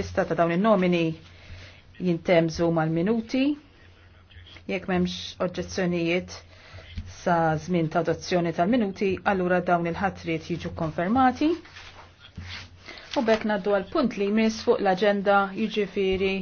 lista ta' dawn il-nomini jintemżu mal-minuti. Jekk memx oġġezzjonijiet sa' żmien ta' adozzjoni tal-minuti, allura dawn il-ħatriet jiġu konfermati. U bekna naddu għal punt li jmiss fuq l-agenda jiġifieri